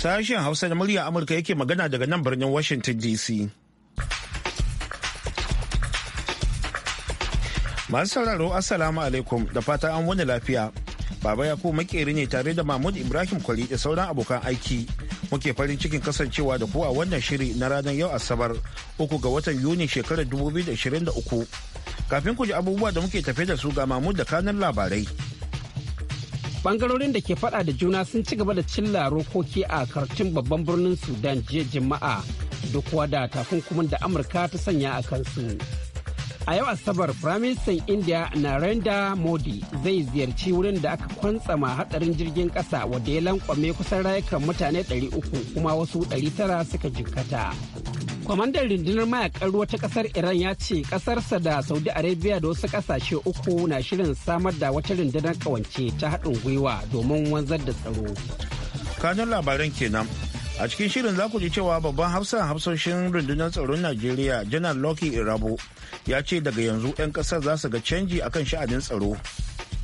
Sashen Hausa da murya Amurka yake magana daga nan birnin Washington DC. Masu sauraro Assalamu alaikum da fata an wani lafiya. Baba ya makeri ne tare da Mahmud Ibrahim Kwali da sauran abokan aiki. Muke farin cikin kasancewa da ku a wannan shiri na ranar yau Asabar uku ga watan Yuni shekarar 2023. Kafin ku ji abubuwa da muke tafe da su ga Mahmud da kanan labarai. bangarorin da ke fada da juna sun ci gaba da cilla rokoki a karcin babban birnin sudan jiya jima'a duk da takunkumin da amurka ta sanya a kansu a yau asabar firaministan india narendra modi zai ziyarci wurin da aka kwantsama hadarin jirgin kasa wadda ya lankwame kusan rayukan mutane 300 kuma wasu 900 suka jikkata kwamandan rundunar mayakan ruwa ta kasar iran ya ce kasarsa da saudi arabia da wasu kasashe uku na shirin samar da wata rundunar kawance ta haɗin gwiwa domin wanzar da tsaro kanun labaran kenan a cikin shirin za ku ji cewa babban hafsan hafsoshin rundunar tsaron najeriya janar loki irabo ya ce daga yanzu 'yan kasar za su ga canji akan sha'anin tsaro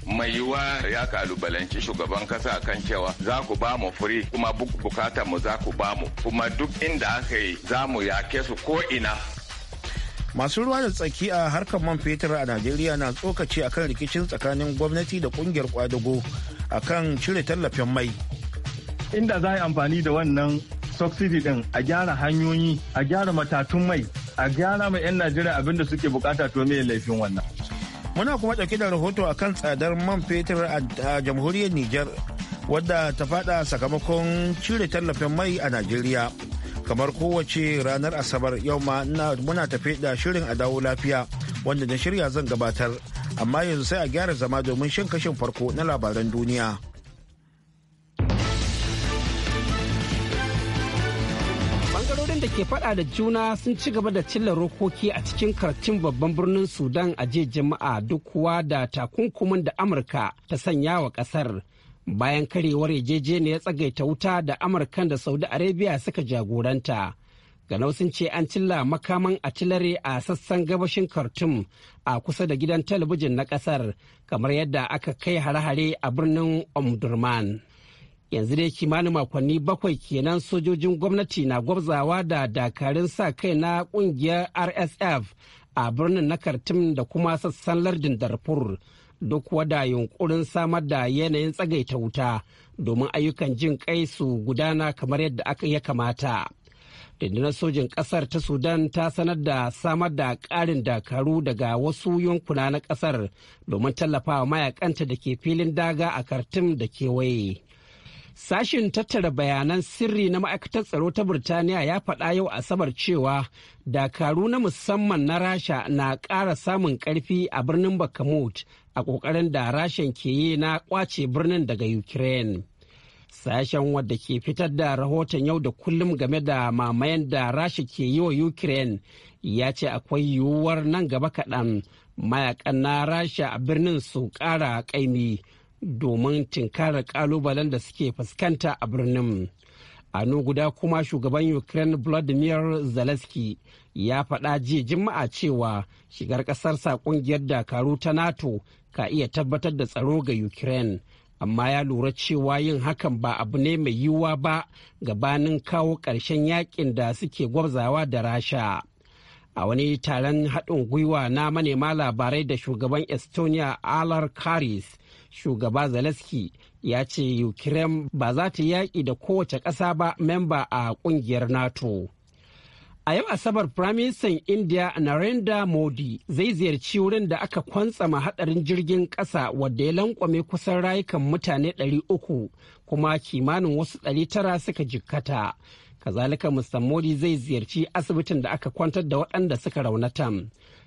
mai yiwuwa ya kalubalanci shugaban kasa kan cewa za ku ba mu furi kuma bukatar mu za ku ba mu kuma duk inda aka yi za mu yake su ko ina masu ruwa da tsaki a harkar man fetur a najeriya na tsokaci akan rikicin tsakanin gwamnati da kungiyar kwadago akan cire tallafin mai inda za a yi amfani da wannan subsidy din a gyara hanyoyi a gyara matatun mai a gyara ma 'yan najeriya abinda suke bukata to mai laifin wannan Muna kuma ɗauke da rahoto a kan tsadar man fetur a jamhuriyar Nijar wadda ta fada sakamakon cire tallafin mai a Najeriya. Kamar kowace ranar Asabar yau ma muna tafi da shirin a dawo lafiya wanda na shirya zan gabatar. Amma yanzu sai a gyara zama domin shin kashin farko na labaran duniya. da ke fada da juna sun ci gaba da cilla rokoki a cikin kartin babban birnin sudan a jiya jama'a duk kuwa da takunkumin da amurka ta sanya wa kasar bayan karewar yarjejeniyar tsagaita wuta da amurkan da saudi arabia suka jagoranta ganau sun ce an cilla makaman atilare a sassan gabashin khartoum a kusa da gidan talabijin na kasar kamar yadda aka kai hare-hare a birnin omdurman yanzu dai kimanin makonni bakwai kenan sojojin gwamnati na gwabzawa da dakarun sa kai na kungiyar rsf a birnin na kartim da kuma sassan lardin darfur duk wada yunkurin samar da yanayin tsagaita wuta domin ayyukan jin kai su gudana kamar yadda aka ya kamata dindinar sojin kasar ta sudan ta sanar da samar da ƙarin dakaru daga wasu yankuna na kasar domin tallafawa mayakanta da ke filin daga a kartim da kewaye Sashen tattara bayanan sirri na ma'aikatar tsaro ta Burtaniya ya faɗa yau Asabar cewa dakaru na musamman na Rasha na ƙara samun ƙarfi a birnin Bakamut a ƙoƙarin da Rasha ke yi na ƙwace birnin daga Ukraine. Sashen wadda ke fitar da rahoton yau da kullum game da mamayen da Rasha ke yi wa Ukraine ya ce akwai yiwuwar nan gaba kaɗan mayakan na Rasha a birnin su ƙara ƙaimi. domin tinkarar kalubalen da suke fuskanta a birnin. a guda kuma shugaban ukraine vladimir zelensky ya faɗa jiya juma'a cewa shigar ƙasarsa ƙungiyar dakaru ta nato ka iya tabbatar da tsaro ga ukraine amma ya lura cewa yin hakan ba abu ne mai yiwuwa ba gabanin kawo ƙarshen yakin da suke gwabzawa da rasha a wani taron haɗin gwiwa na manema labarai da shugaban estonia alar karis shugaba zelensky ya ce ukraine ba za ta yaƙi da kowace ƙasa ba memba a ƙungiyar nato a yau asabar firaministan india narendra modi zai ziyarci wurin da aka kwantsama hadarin jirgin ƙasa wadda ya lankwame kusan rayukan mutane 300 kuma kimanin wasu 900 suka jikkata kazalika mr modi zai ziyarci asibitin da aka kwantar da waɗanda suka raunata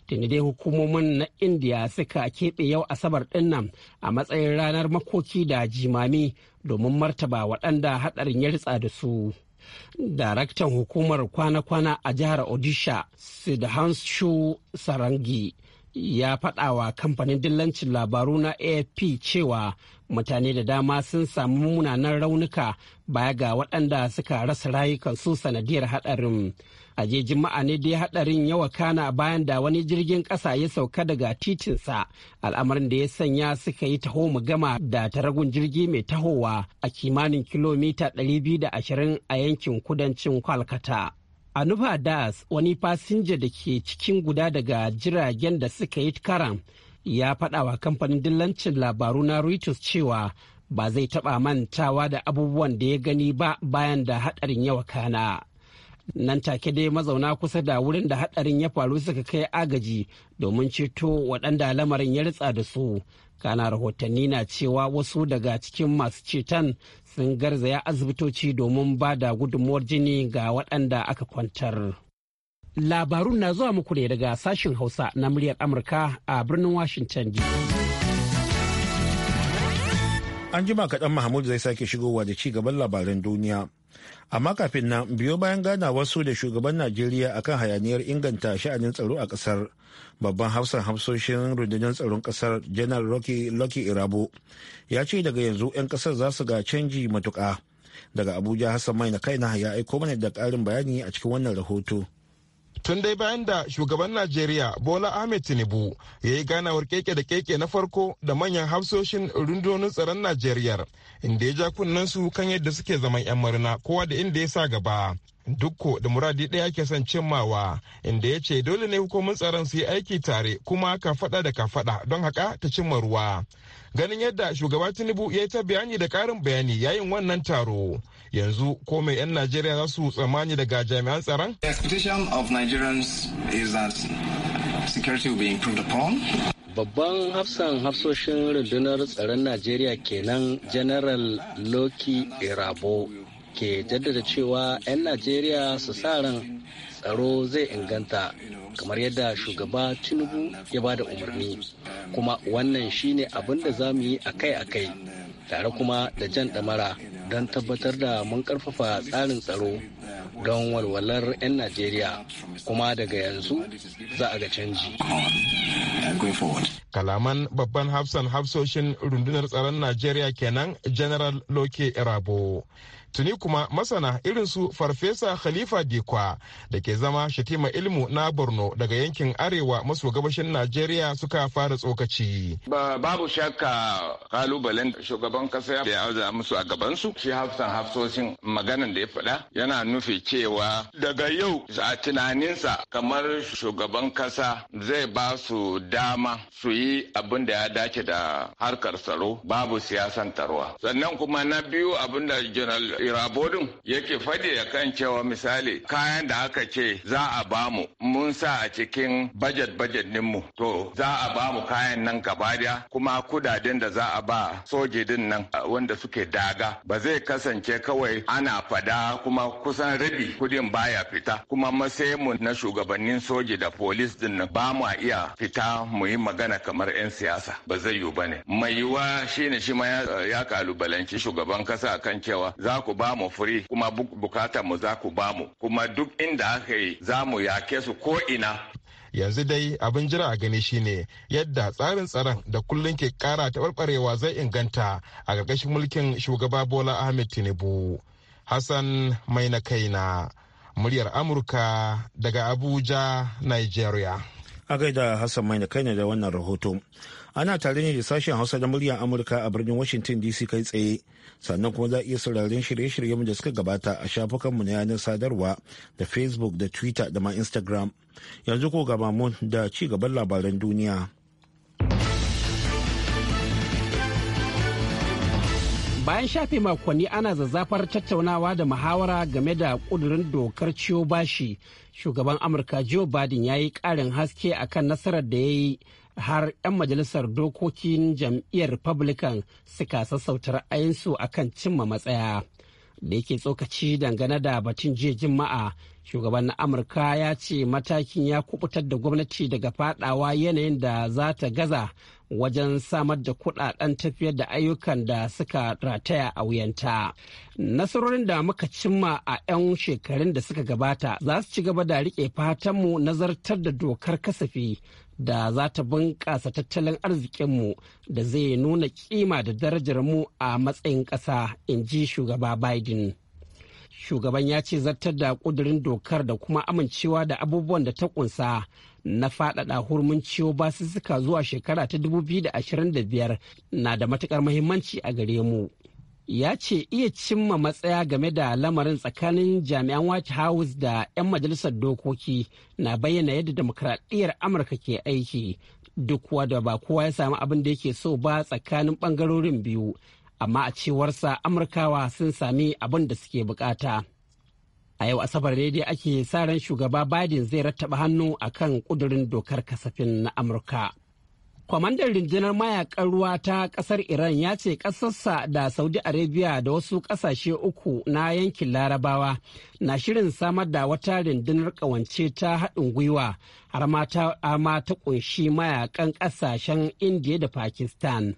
tuni dai hukumomin na indiya suka keɓe yau asabar ɗinnan a matsayin ranar makoki da jimami domin martaba waɗanda haɗarin ya ritsa da su daraktan hukumar kwana-kwana a jihar odisha sidhanshu sarangi ya faɗa wa kamfanin dillancin labaru na afp cewa mutane da dama sun samu munanan raunuka baya ga waɗanda suka rasa rayukan rayukansu sanadiyar haɗarin a je jima'a ne dai haɗarin yawa kana bayan da wani jirgin ƙasa ya sauka daga titinsa al'amarin da ya sanya suka yi taho mu gama da taragun jirgi mai tahowa a kimanin kilomita 220 a yankin kudancin kwalkata Anuba Das wani fasinja da ke cikin guda daga jiragen da suka yi karan ya faɗa wa kamfanin dillancin labaru na Reuters cewa ba zai taɓa mantawa da abubuwan da ya gani ba bayan da haɗarin ya wakana. Nan take dai mazauna kusa da wurin da haɗarin ya faru suka kai agaji domin ceto waɗanda lamarin ya ritsa da su kana rahotanni na cewa wasu daga cikin masu ceton sun garzaya asibitoci domin ba da gudunmuwar jini ga waɗanda aka kwantar labarun na zuwa muku ne daga sashen hausa na muryar amurka a birnin washington dc an jima kaɗan mahmud zai sake shigowa da ci gaban labaran duniya amma kafin nan biyo bayan gana wasu da shugaban najeriya akan hayaniyar inganta sha'anin tsaro a kasar babban hafsan hafsoshin rundunar tsaron kasar janar lucky irabo ya ce daga yanzu 'yan kasar za su ga canji matuka daga abuja hassan mai na kaina ya aiko mana da karin bayani a cikin wannan rahoto tun dai bayan da shugaban najeriya bola ahmed tinubu ya yi ganawar keke da keke na farko da manyan hafsoshin rundunonin tsaron najeriya inda ya ja kunnen su kan yadda suke zaman 'yan murna kowa da inda ya sa gaba dukko da muradi ɗaya ke son cimmawa inda ya ce dole ne hukumar tsaron su yi aiki tare kuma ka faɗa da ka faɗa don haka ta cimma ruwa ganin yadda shugaba tinubu ya yi ta bayani da karin bayani yayin wannan taro yanzu ko mai 'yan najeriya za su tsammani daga jami'an tsaron babban hafsan hafsoshin rundunar tsaron najeriya kenan general loki irabo ke jaddada cewa 'yan najeriya su sa ran tsaro zai inganta kamar yadda shugaba tinubu ya ba da umarni kuma wannan shine abin da za mu yi akai-akai tare kuma da jan damara don tabbatar da mun karfafa tsarin tsaro don walwalar 'yan najeriya kuma daga yanzu za a ga canji kalaman babban hafsan hafsoshin rundunar tsaron najeriya kenan general loke irabo tuni kuma masana irin su farfesa khalifa dikwa da ke zama shatima ilmu na borno daga yankin arewa maso gabashin najeriya suka fara tsokaci babu shakka kalubalen shugaban kasa ya auza musu a gabansu shi hafsan hafsoshin maganan da ya faɗa yana nufi cewa daga yau a tunaninsa kamar shugaban kasa zai ba su dama su yi abin da ya dace da harkar tsaro babu siyasan tarwa sannan kuma na biyu abin da general irabodin yake fade ya kan cewa misali kayan da aka ce za a bamu mun sa a cikin bajet bajet ninmu to za a bamu kayan nan gaba kuma kudaden da za a ba soje din nan wanda suke daga ba zai kasance kawai ana fada kuma kusan rabi kudin baya fita kuma mu na shugabannin soji da polis din nan ba mu iya fita mu yi magana kamar 'yan siyasa ba zai yiwu ba ne mai yiwuwa shine shi ya kalubalanci shugaban kasa kan cewa za ku ku ba mu furi kuma bukatar mu za ku ba mu kuma duk inda aka yi za mu yake su ko ina yanzu dai abin jira a gani shine yadda tsarin tsaron da kullum ke kara taɓarɓarewa zai inganta a ƙarƙashin mulkin shugaba bola ahmed tinubu hassan mai na kaina muryar amurka daga abuja nigeria a gaida hassan mai na kaina da wannan rahoto ana tare ne da sashen hausa na muryar amurka a birnin washington dc kai tsaye sannan kuma za a iya sauraron shirye-shiryen da suka gabata a shafukanmu na yanar sadarwa da facebook da twitter da ma instagram yanzu ko gaba mu da ci gaban labaran duniya bayan shafe makonni ana zazzafar tattaunawa da muhawara game da kudurin dokar ciyo bashi shugaban amurka joe biden ya yi karin haske akan nasarar da ya yi har 'yan majalisar dokokin jam'iyyar republican suka sassauta ra'ayinsu kan cimma matsaya da yake tsokaci dangane da batun jiya jima'a shugaban na amurka ya ce matakin ya kubutar da gwamnati daga fadawa yanayin da za ta gaza wajen samar da kudaden tafiyar da ayyukan da suka rataya a wuyanta nasarorin da muka cimma a 'yan shekarun da suka gabata za su ci gaba da rike fatanmu nazartar da dokar kasafi da za ta bunƙasa tattalin arzikinmu da zai nuna kima da darajar mu a matsayin ƙasa in ji shugaba biden shugaban ya ce zartar da ƙudurin dokar da kuma amincewa da abubuwan da ta ƙunsa na faɗaɗa hurmin ciwo basussuka zuwa shekara ta 2025 na da matuƙar muhimmanci a gare mu ya ce iya cimma matsaya game da lamarin tsakanin jami'an white house da 'yan majalisar dokoki na bayyana yadda demokradiyyar amurka ke aiki duk da ba kowa ya samu abin da yake so ba tsakanin bangarorin biyu amma a cewarsa amurkawa sun sami abin da suke bukata a yau asabar ne dai ake sa ran shugaba biden zai rattaba hannu akan kudurin dokar kasafin na amurka kwamandan rundunar mayakan ruwa ta kasar iran ya ce kasarsa da saudi arabia da wasu kasashe uku na yankin larabawa na shirin samar da wata rundunar kawance ta haɗin gwiwa har ma ta kunshi mayakan kasashen indiya da pakistan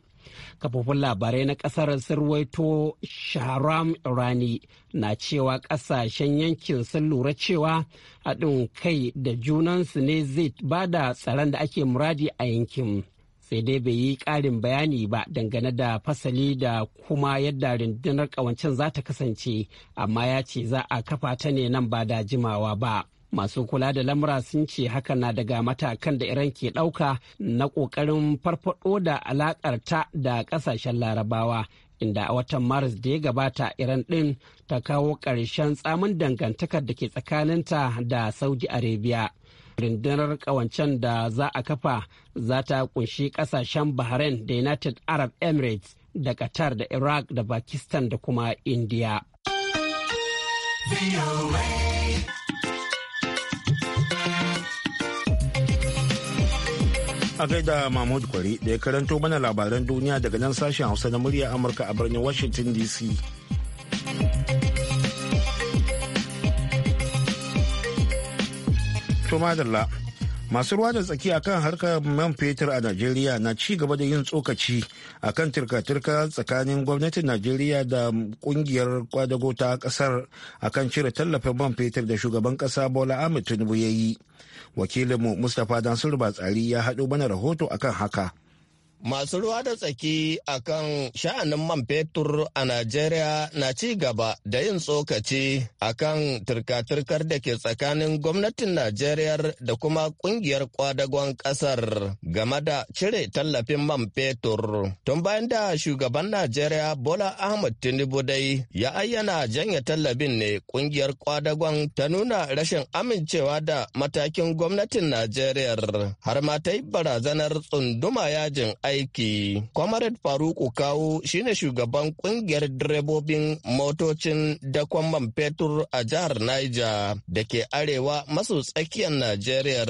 kafofin labarai na kasar sirwaito ruwaito shahram irani na cewa kasashen yankin sun lura cewa haɗin kai da junansu ne zai bada da tsaron da ake muradi a yankin sai dai bai yi ƙarin bayani ba dangane da fasali da kuma yadda rundunar ƙawancen za ta kasance amma ya ce za a kafa ta ne nan ba da jimawa ba masu kula da lamura sun ce haka na daga matakan da iran ke ɗauka na ƙoƙarin farfaɗo da alaƙar ta da ƙasashen larabawa inda a watan maris da ya gabata iran ɗin ta kawo ƙarshen tsamin dangantakar da ke tsakaninta da saudi arabia rundunar kawancen da za a kafa za ta kunshi kasashen bahrain da united arab emirates da qatar da iraq da pakistan da kuma india a da mahmud kwari da ya karanto mana labaran duniya daga nan sashen hausa na murya amurka a birnin washington dc To madalla. Masu ruwa da tsaki akan harkar man fetur a Najeriya na ci gaba da yin tsokaci akan turka-turka tsakanin gwamnatin Najeriya da kungiyar kwadago ta kasar akan cire tallafin man fetur da shugaban kasa Bola Ahmed Tinubu ya yi. Wakilinmu Mustapha Dansur Batsari ya haɗo mana rahoto akan haka. Masu ruwa da tsaki a kan sha'anin man fetur a Najeriya na ci gaba da yin tsokaci a kan turka-turkar da ke tsakanin gwamnatin Najeriya da kuma kungiyar kwadagon ƙasar game da cire tallafin man fetur. Tun bayan da shugaban Najeriya Bola Ahmed Tinubu dai ya ayyana janye tallafin ne kungiyar kwadagon ta nuna rashin amincewa da matakin gwamnatin Najeriya har ma ta yi barazanar tsunduma yajin aiki. Comrade Faruku Kawu shine shugaban kungiyar direbobin motocin dakon man fetur a jihar Niger da ke arewa maso tsakiyar Najeriya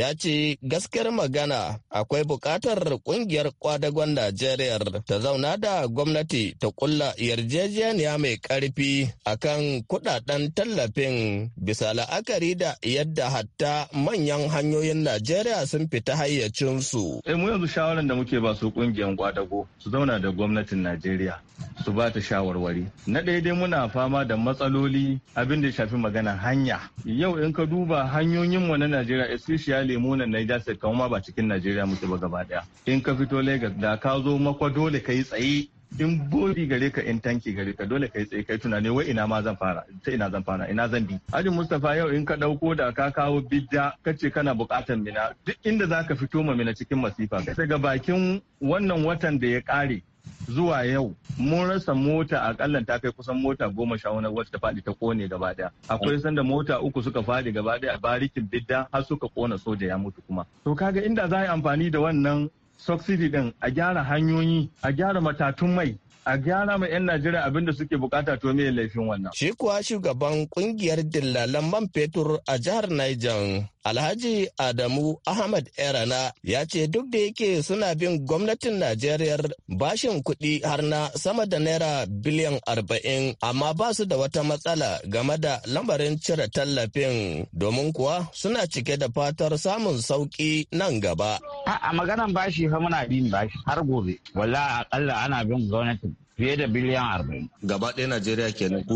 ya ce gaskiyar magana akwai bukatar kungiyar kwadagon Najeriya ta zauna da gwamnati ta kulla yarjejeniya mai karfi akan kudaden tallafin bisa la'akari da yadda hatta manyan hanyoyin Najeriya sun fita hayyacinsu. Eh mu yanzu shawaran da muke ba su kungiyar gwadago su zauna da gwamnatin najeriya su ba ta shawarwari na ɗaya dai muna fama da matsaloli abin da shafi magana hanya yau in ka duba hanyoyin mu na najeriya especially mu na niger state kamar ma ba cikin najeriya muke ba gaba ɗaya in ka fito lagos da ka zo makwa dole ka yi tsaye in bori gare ka in tanki gare ka dole kai tsaye kai tunani wai ina ma zan fara ta ina zan fara ina zan bi ajin mustafa yau in ka dauko da ka kawo bidda kace kana bukatan mina duk inda zaka fito ma mina cikin masifa daga bakin wannan watan da ya kare zuwa yau mun rasa mota a akalla ta kai kusan mota goma sha wani wacce ta faɗi ta kone gaba daya akwai sanda mota uku suka faɗi gaba daya barikin bidda har suka kona soja ya mutu kuma to kaga inda za a yi amfani da wannan subsidy din a gyara hanyoyi a gyara matatun mai a gyara ma 'yan Najeriya abinda suke bukata to mai laifin wannan. Shi kuwa shugaban kungiyar dillalan man fetur a jihar Niger Alhaji Adamu Ahmad Erana ya ce duk da yake suna bin gwamnatin Najeriya bashin kuɗi har na sama da naira biliyan arba'in amma ba su da wata matsala game da lamarin cire tallafin domin kuwa suna cike da fatar samun sauƙi nan gaba. A maganan bashi fa muna bin bashi har gobe. Wala akalla ana bin gwamnatin fiye da biliyan arba'in. Gaba ɗaya Najeriya kenan.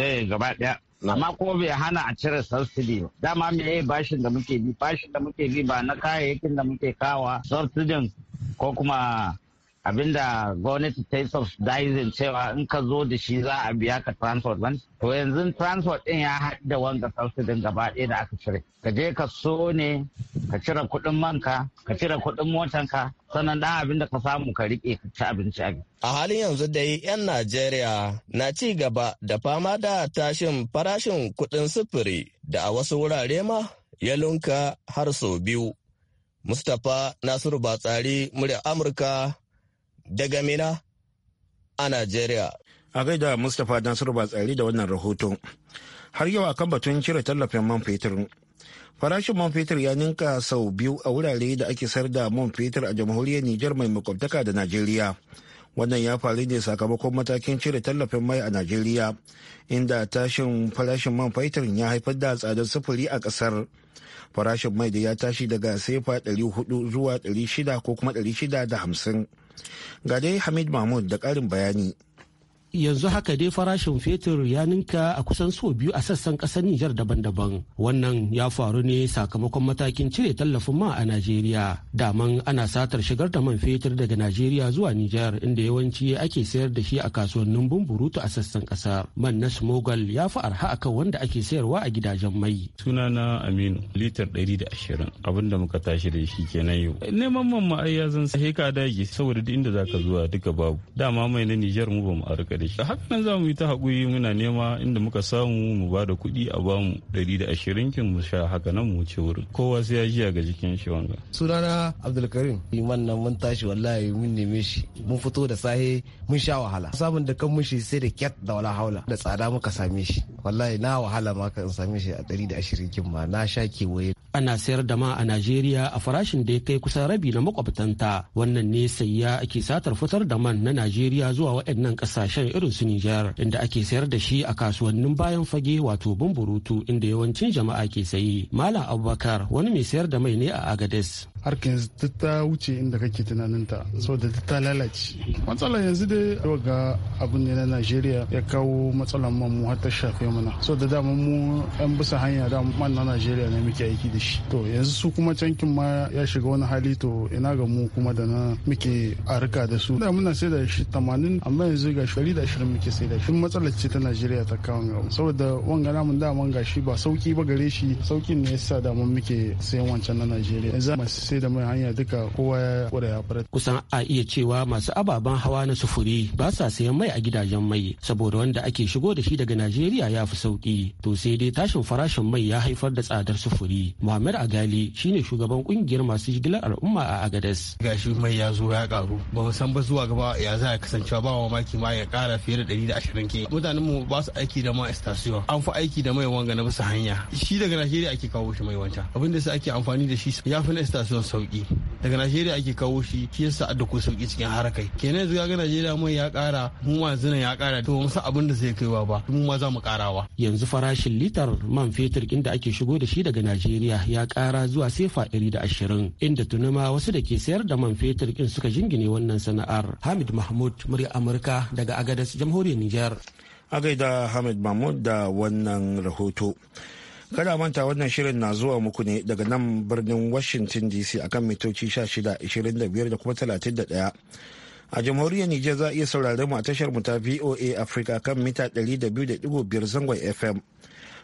Eh gaba ɗaya. amma kuma bai hana a cire subsidy ba dama me yayi bashin da muke bi bashin da muke bi ba na kayayyakin da muke kawa subsidy ko kuma abinda gwamnati ta yi subsidizing cewa in ka zo da shi za a biya ka transport ban to yanzu transport din ya haɗu da wanga subsidin gaba ɗaya da aka cire ka je ka so ne ka cire kuɗin manka ka cire kuɗin motanka sannan ɗan abinda ka samu ka riƙe ka ci abinci a A halin yanzu dai 'yan Najeriya na ci gaba da fama da tashin farashin kuɗin sufuri da a wasu wurare ma ya lunka har sau biyu. Mustapha Nasiru Batsari, murya Amurka daga Mina a Najeriya. A gaida Mustapha Nasiru tsari da wannan rahoto. Har yau akan batun cire tallafin man fetur. Farashin man fetur ya ninka sau biyu a wurare da ake sayar da man fetur a jamhuriyar Nijar mai makwabtaka da Najeriya. Wannan ya faru ne sakamakon matakin cire tallafin mai a Najeriya, inda tashin farashin man fetur ya haifar da tsadar sufuri a ƙasar. Farashin mai da ya tashi daga sefa 400 zuwa 600 ko kuma 650. Ga dai Hamid Mahmud da ƙarin bayani. yanzu haka dai farashin fetur ya ninka a kusan so biyu a sassan kasar Nijar daban-daban. Wannan ya faru ne sakamakon matakin cire tallafin ma a Najeriya. Daman ana satar shigar da man fetur daga Najeriya zuwa Nijar inda yawanci ake sayar da shi a kasuwannin bumburutu a sassan kasa Man na Smogal ya fi arha akan wanda ake sayarwa a gidajen mai. Sunana Aminu litar ɗari da ashirin abinda muka tashi da shi kenan yau. Neman man ma'ai ya zan sai ka dage saboda duk inda zaka zuwa duka babu. Dama mai na Nijar mu ba mu arka da shi haka nan za mu yi ta hakuri muna nema inda muka samu mu ba da kuɗi a ba mu ɗari da ashirin kin mu sha haka nan mu wuce wurin kowa sai ya jiya ga jikin shi wanga sunana abdulkarim iman nan mun tashi wallahi mun neme shi mun fito da sahe mun sha wahala samun da kan mushi sai da kyat da wala haula da tsada muka same shi wallahi na wahala ma ka in same shi a ɗari da ashirin kin ma na sha kewaye ana sayar da ma a Najeriya a farashin da ya kai kusan rabi na makwabtanta wannan ne sayya ake satar fitar da man na Najeriya zuwa waɗannan ƙasashen irin su Nijar inda ake sayar da shi a kasuwannin bayan fage wato bumburutu inda yawancin jama'a ke sayi. Malam Abubakar wani mai sayar da mai ne a Agades. harkin yanzu ta wuce inda kake tunaninta saboda ta lalace matsala yanzu dai ga abin ne na najeriya ya kawo matsalan man mu har ta shafe mana so da dama mu yan bisa hanya da man na najeriya ne muke aiki da shi to yanzu su kuma cankin ma ya shiga wani hali to ina ga mu kuma da na muke a rika da su da muna sai da shi tamanin amma yanzu ga shi da ashirin muke sai da shi matsalar ce ta najeriya ta kawo ga saboda wanga namun daman ga shi ba sauki ba gare shi saukin ne yasa da mun muke sayan wancan na najeriya yanzu sai da mai hanya duka kowa ya kura ya fara. Kusan a iya cewa masu ababen hawa na sufuri ba sa sayan mai a gidajen mai saboda wanda ake shigo da shi daga Najeriya ya fi sauki. To sai dai tashin farashin mai ya haifar da tsadar sufuri. Muhammad Agali shine shugaban kungiyar masu jigilar al'umma a agadas. Gashi mai ya zo ya karu ba mu san ba zuwa gaba ya za a kasancewa ba mamaki ma ya kara fiye da ɗari da ashirin ke. Mutanen mu ba su aiki da ma istasiyo. An fi aiki da mai wanga na bisa hanya. Shi daga Najeriya ake kawo shi mai wancan. Abin da sa ake amfani da shi ya fi na istasiyo samun sauki daga najeriya ake kawo shi shi yasa adda sauki cikin harakai kenan yanzu ga najeriya mai ya kara mu ma yanzu ya kara to san abin da zai kaiwa ba mu ma za mu karawa yanzu farashin litar man fetur inda ake shigo da shi daga najeriya ya kara zuwa sefa 120 da ashirin inda tunuma wasu da ke sayar da man fetur din suka jingine wannan sana'ar hamid mahmud murya amurka daga agadas jamhuriyar niger agaida hamid mahmud da wannan rahoto Kada manta wannan shirin na zuwa muku ne daga nan birnin Washington DC akan mitoci 16, da kuma 31. a jamhuriyar Nijar za a iya saurari mu a tashar mu ta VOA Africa kan mita 200.5 zangon FM.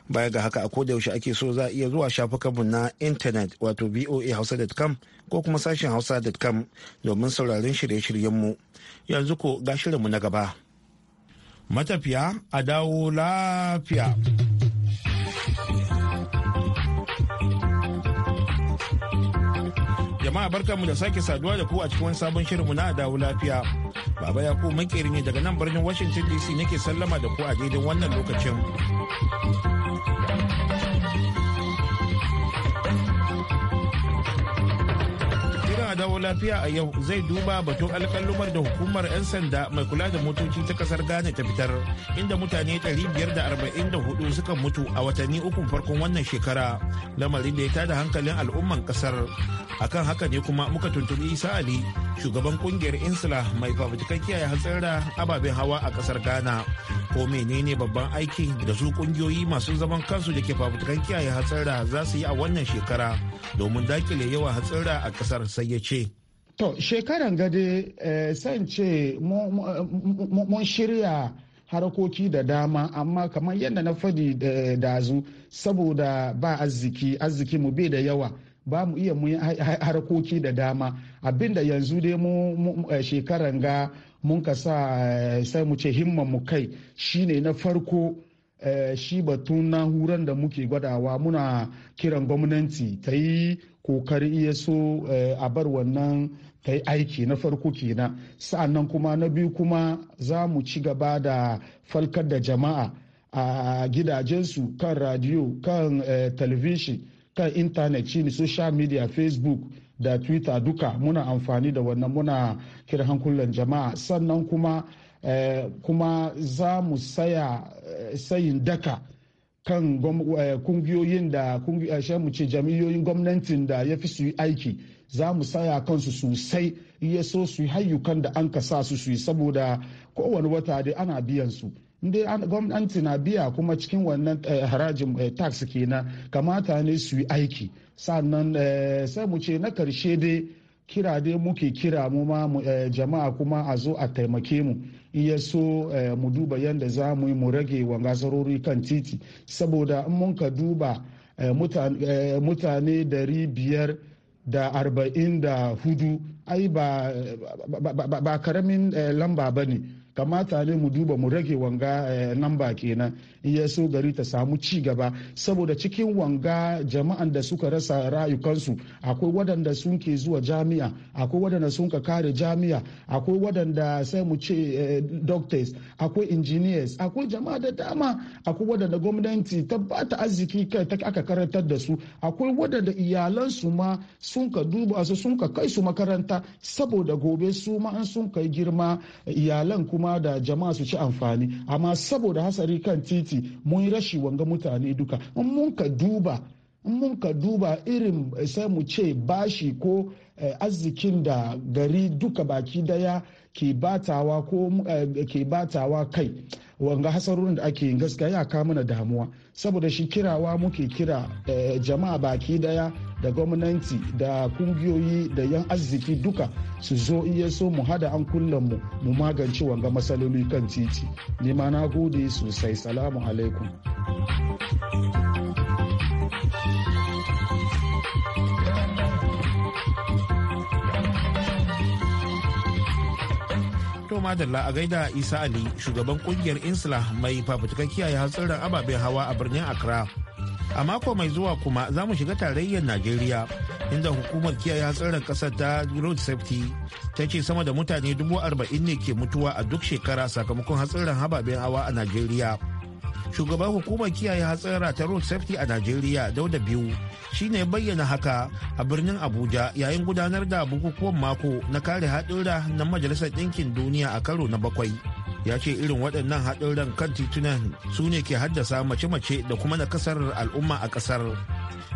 Baya ga haka a koda yaushe ake so za a iya zuwa shafukanmu na intanet wato voahausa.com ko kuma sashen hausa.com domin saurarin shirye-shiryenmu. Yanzu ko ga shirinmu na gaba. Matafiya a dawo lafiya. Jama'a barkanmu da sake saduwa da ku a cikin sabon shirinmu na dawo lafiya. Baba ya ku makeri ne daga nan birnin Washington DC nake sallama da ku a daidai wannan lokacin. dawo lafiya a yau zai duba batun alkalumar da hukumar 'yan sanda mai kula da motoci ta kasar Ghana ta fitar inda mutane 544 suka mutu a watanni uku farkon wannan shekara lamarin da ya tada hankalin al'umman kasar. Akan haka ne kuma muka tuntubi Isa Ali shugaban kungiyar Insula mai fafutukan kiyaye hatsara ababen hawa a kasar Ghana. Ko menene babban aiki da su kungiyoyi masu zaman kansu da ke fafutukan kiyaye hatsara za su yi a wannan shekara domin dakile yawan hatsara a kasar sai ya ce to shekaran gade eh, san ce mun shirya harkoki da dama amma kamar yadda na fadi da dazu saboda ba arziki arziki mu bai da yawa ba mu iya mu harkoki da dama abinda yanzu dai mu eh, shekaran ga mun ka sa eh, sai mu ce himman mu kai shine na farko shi batun huran da muke gwadawa muna kiran gwamnati ta yi kokarin iya so eh, a bar wannan ta yi aiki na farko kenan sa'annan kuma na biyu kuma za mu ci gaba da falkar da jama'a a gidajensu kan radio kan eh, television kan intanet shine social media facebook da twitter duka muna amfani da wannan muna kira hankulan jama'a sannan kuma eh, kuma za mu saya sayin daka kan eh, kungiyoyin da eh, mu ce jami'oyin gwamnatin da ya fi su yi aiki za mu saya kansu sosai iya so su yi hayyukan da an sa su su yi saboda kowane wata dai ana biyan su dai gwamnati na biya kuma cikin wannan eh, harajin tax kenan kamata ne su yi aiki sannan sai mu ce na karshe dai kira dai muke kira mu ma eh, jama'a kuma a zo a taimake mu iya so eh, mu duba yadda za mu yi mu rage wangasarori kan titi saboda in mun ka duba eh, mutane dari biyar da arba'in da hudu ai ba karamin lamba ba ne kamata ne mu duba mu rage wanga eh, namba kenan in ya so gari ta samu ci gaba saboda cikin wanga jama'an da suka rasa rayukansu akwai wadanda sun ke zuwa jami'a akwai wadanda sun ka kare jami'a akwai wadanda sai mu ce eh, doctors akwai engineers akwai jama'a da dama akwai wadanda gwamnati ta ba ta arziki aka karantar da su akwai wadanda iyalansu ma sun ka duba su sun ka kai su makaranta saboda gobe su ma an sun kai girma iyalan kuma kuma da jama'a su ci amfani amma saboda hasari kan titi mun yi rashi wanga mutane duka in mun ka duba mun ka duba irin eh, sai mu ce bashi ko eh, arzikin da gari duka baki daya ke batawa ko eh, ke batawa kai wanga hasarorin da ake yin gaskiya ya kawo mana damuwa saboda shi kirawa muke kira eh, jama'a baki daya da gwamnati da kungiyoyi da yan arziki duka su zo iya so mu hada an kullum mu mu magance wanga matsaloli kan titi nema na gode sosai salamu alaikum To madalla a gaida Isa Ali shugaban kungiyar Insula mai fafutuka kiyaye hatsarin ababen hawa a birnin Accra. A mako mai zuwa kuma za mu shiga tarayyar Najeriya inda hukumar kiyaye hatsarin kasar ta Road Safety ta ce sama da mutane dubu arba'in ne ke mutuwa a duk shekara sakamakon hatsarin ababen hawa a Najeriya. shugaban hukumar kiyaye hatsara ta road safety a najeriya da biyu shine bayyana haka a birnin abuja yayin gudanar da bukukuwan mako na kare haɗura na majalisar ɗinkin duniya a karo na bakwai ya ce irin waɗannan haɗuran kan titunan su ne ke haddasa mace-mace da kuma na kasar al'umma a kasar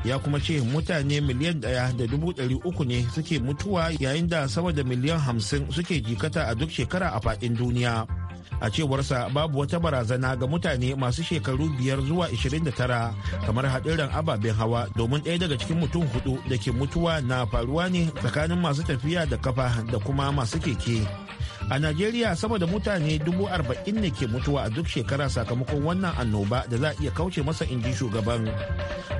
ya kuma ce mutane miliyan ɗaya da dubu ɗari uku ne suke mutuwa yayin da sama da miliyan hamsin suke jikata a duk shekara a faɗin duniya a cewarsa babu wata barazana ga mutane masu shekaru biyar zuwa 29 kamar haɗiran ababen hawa domin ɗaya daga cikin mutum hudu da ke mutuwa na faruwa ne tsakanin masu tafiya da kafa da kuma masu keke A Najeriya sama da mutane dubu arba'in ne ke mutuwa a duk shekara sakamakon wannan annoba da za a iya kauce masa inji shugaban.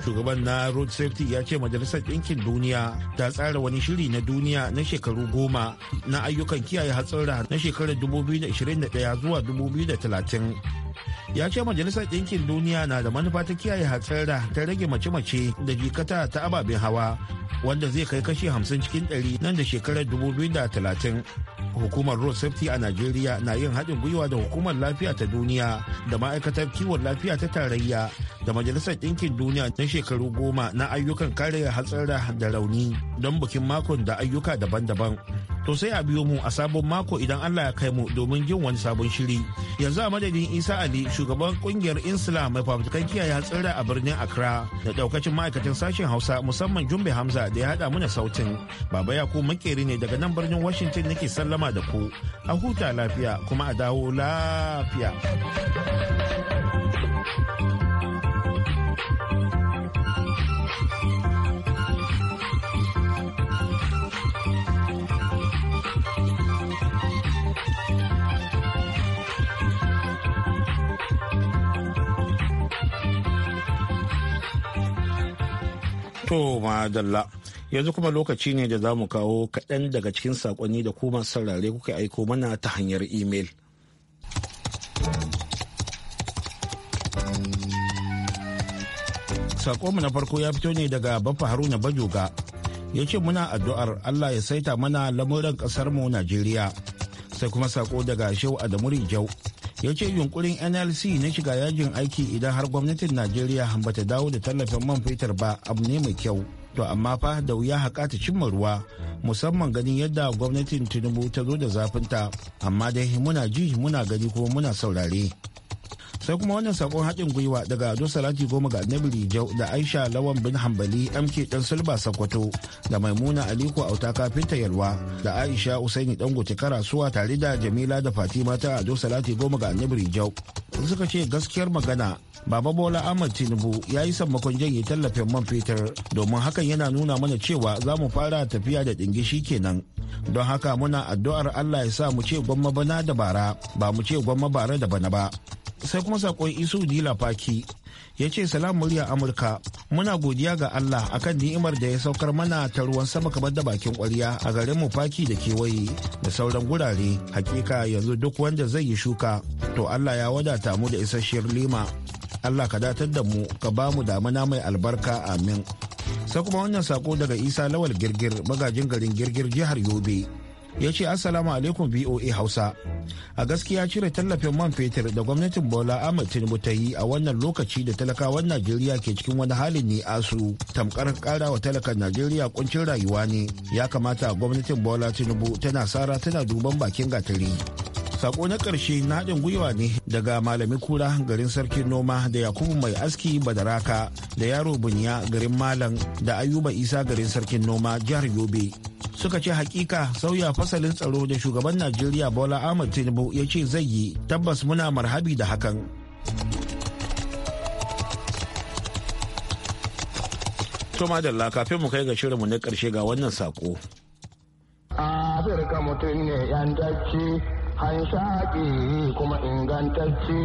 Shugaban na Road Safety ya ce Majalisar Ɗinkin Duniya ta tsara wani shiri na duniya na shekaru goma na ayyukan kiyaye hatsara na shekarar 2021 zuwa 2030. ya ce majalisar ɗinkin duniya na da manufa ta kiyaye hatsara ta rage mace-mace da jikata ta ababen hawa wanda zai kai kashi 50 cikin 100 nan da shekarar talatin. hukumar road safety a nigeria na yin haɗin gwiwa da hukumar lafiya ta duniya da ma'aikatar kiwon lafiya ta tarayya da majalisar ɗinkin duniya na shekaru goma na ayyukan kare hatsara da rauni don bikin makon da ayyuka daban-daban to sai a biyo mu a sabon mako idan allah ya kai mu domin jin wani sabon shiri yanzu a madadin isa ali shugaban kungiyar insula mai fafutukan kiyaye hatsara a birnin accra da ɗaukacin ma'aikatan sashen hausa musamman jumbe hamza da ya haɗa mana sautin baba yakubu makeri ne daga nan birnin washington nake sallah sallama da ku a huta lafiya kuma a dawo lafiya. To madalla yanzu kuma lokaci ne da za mu kawo kaɗan daga cikin saƙonni da kuma saurare kuka aiko mana ta hanyar imel. mu na farko ya fito ne daga Baffa Haruna Bajoga ya ce muna addu'ar Allah ya saita mana lamuran mu Najeriya. Sai kuma sako daga Shehu Adamu Rijau ya ce yunkurin NLC na shiga yajin aiki idan har gwamnatin Najeriya bata dawo da tallafin man fetur ba abu ne mai kyau. to amma fa da wuya haƙa ta cimma ruwa musamman ganin yadda gwamnatin tinubu ta zo da zafinta amma dai muna ji muna gani kuma muna saurare sai kuma wannan sakon haɗin gwiwa daga ado salati goma ga annabi rijau da aisha lawan bin hambali mk dan silba sakwato da maimuna aliko auta kafinta yalwa da aisha usaini dangote karasuwa tare da jamila da fatima ta ado salati goma ga annabi rijau suka ce gaskiyar magana Baba Bola Ahmad Tinubu ya yi sammakon janye tallafin man fetur domin hakan yana nuna mana cewa za mu fara tafiya da dingishi kenan. Don haka muna addu'ar Allah ya sa mu ce gwamma bana da bara ba mu ce gwamma bara da bana ba. sai kuma sakon isu dila paki ya ce salam murya amurka muna godiya ga allah akan ni'imar da ya saukar mana ta ruwan sama kamar da bakin kwarya a garin mu paki da kewaye da sauran gurare hakika yanzu duk wanda zai yi shuka to allah ya wadata mu da isasshiyar lima allah ka datar da mu ka ba mu damana mai albarka amin sai kuma wannan sako daga isa lawal girgir magajin garin girgir jihar yobe ya ce assalamu alaikum voa hausa a gaskiya cire tallafin man fetur da gwamnatin bola ahmed tinubu ta yi a wannan lokaci da talakawan najeriya ke cikin wani halin ne asu tamkar kara wa talakan najeriya kuncin rayuwa ne ya kamata gwamnatin bola tinubu tana sara tana duban bakin gatari sako na ƙarshe na haɗin gwiwa ne daga malami kura garin sarkin noma da yakubu mai aski badaraka da yaro bunya garin malam da ayuba isa garin sarkin noma jihar yobe suka ce hakika sauya fasalin tsaro da shugaban najeriya bola ahmad tinubu ya ce zai yi tabbas muna marhabi da hakan Toma da kafin mu kai ga shirinmu na karshe ga wannan sako. Afirka mutum ne 'yan dace hanshaƙi kuma ingantacce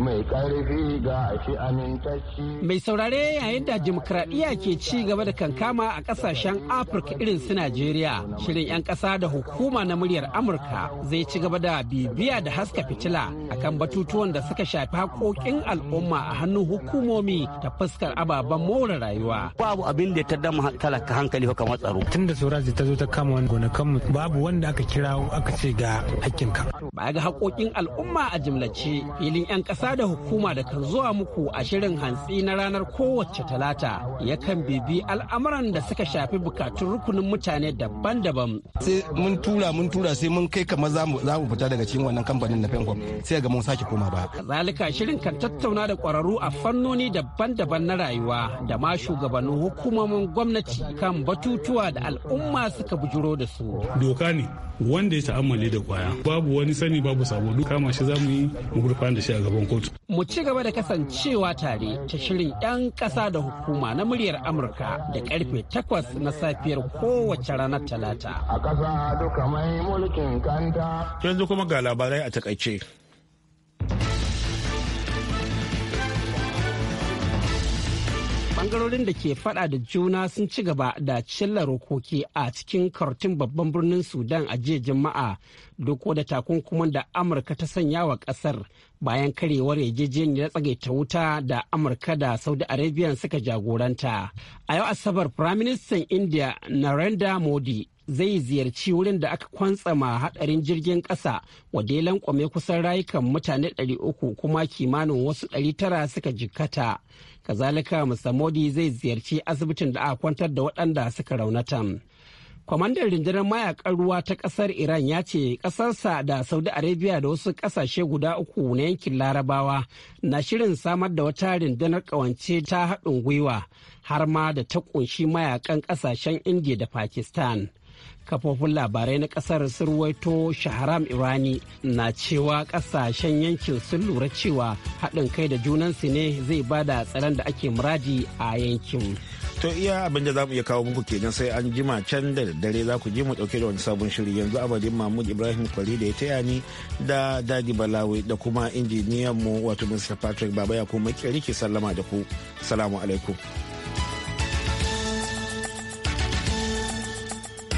mai ƙarfi ga shi amintacci. Mai saurare yayin da jimkuraɗiyya ke ci gaba da kankama a ƙasashen Afirka irin su Najeriya, shirin 'yan ƙasa da hukuma na muryar Amurka zai ci gaba da bibiya da haska fitila akan batutuwan da suka shafi haƙoƙin al'umma a hannun hukumomi da fuskar ababen more rayuwa. Babu abin da ta dama talaka hankali ko kamar tsaro. Tun da Suraji ta zo ta kama wani gonakanmu babu wanda aka kira aka ce ga hakkinka. Ba ga haƙoƙin al'umma a jimlace filin 'yan ƙasa da hukuma da kan zuwa muku a shirin hantsi na ranar kowace talata yakan bibi al'amuran da suka shafi bukatun rukunin mutane daban-daban. Sai mun tura mun tura sai mun kai kamar za mu fita daga cikin wannan kamfanin na Fenkom sai ga mun sake koma ba. Zalika shirin kan tattauna da kwararru a fannoni daban-daban na rayuwa da ma shugabannin hukumomin gwamnati kan batutuwa da al'umma suka bujuro da su. Doka ne wanda ya ta'ammali da kwaya babu wani sani babu sabo duk kama shi za mu yi mu gurfana da shi a gaban kotu. Mu ci gaba da kasancewa tare ta shirin 'yan ƙasa da hukuma na muryar Amurka da karfe takwas na safiyar kowace ranar Talata. A ƙasa duka mai mulkin kanta. Yanzu kuma ga labarai a takaice. bangarorin da ke fada da juna sun ci gaba da cilla rokoki a cikin kartun babban birnin sudan a jiya jama'a doko da takunkuman da amurka ta sanya wa kasar bayan karewar yarjejeniyar tsagaita wuta da amurka da saudi arabia suka jagoranta a yau asabar firaministan india narendra modi zai ziyarci wurin da aka kwantsama hadarin jirgin kasa wadda ya lankwame kusan rayukan mutane 300 kuma kimanin wasu 900 suka jikkata kazalika modi zai ziyarci asibitin da aka kwantar da waɗanda suka raunata kwamandan rundunar mayakan ruwa ta ƙasar iran ya ce ƙasarsa da saudi arabia da wasu ƙasashe guda uku na yankin larabawa na shirin samar da wata rundunar ƙawance ta haɗin gwiwa har ma da ta ƙunshi mayakan ƙasashen india da pakistan kafofin labarai na kasar surwaito shaharam irani na cewa kasashen yankin sun lura cewa haɗin kai da junansu ne zai ba da tsaron da ake muradi a yankin to iya abin da za mu iya kawo muku kenan sai an jima can da daddare za ku ji mu dauke da wani sabon shiri yanzu abadin mahmud ibrahim kwari da ya taya ni da dadi balawe da kuma injiniyan mu wato mr patrick baba ya kuma ke sallama da ku salamu alaikum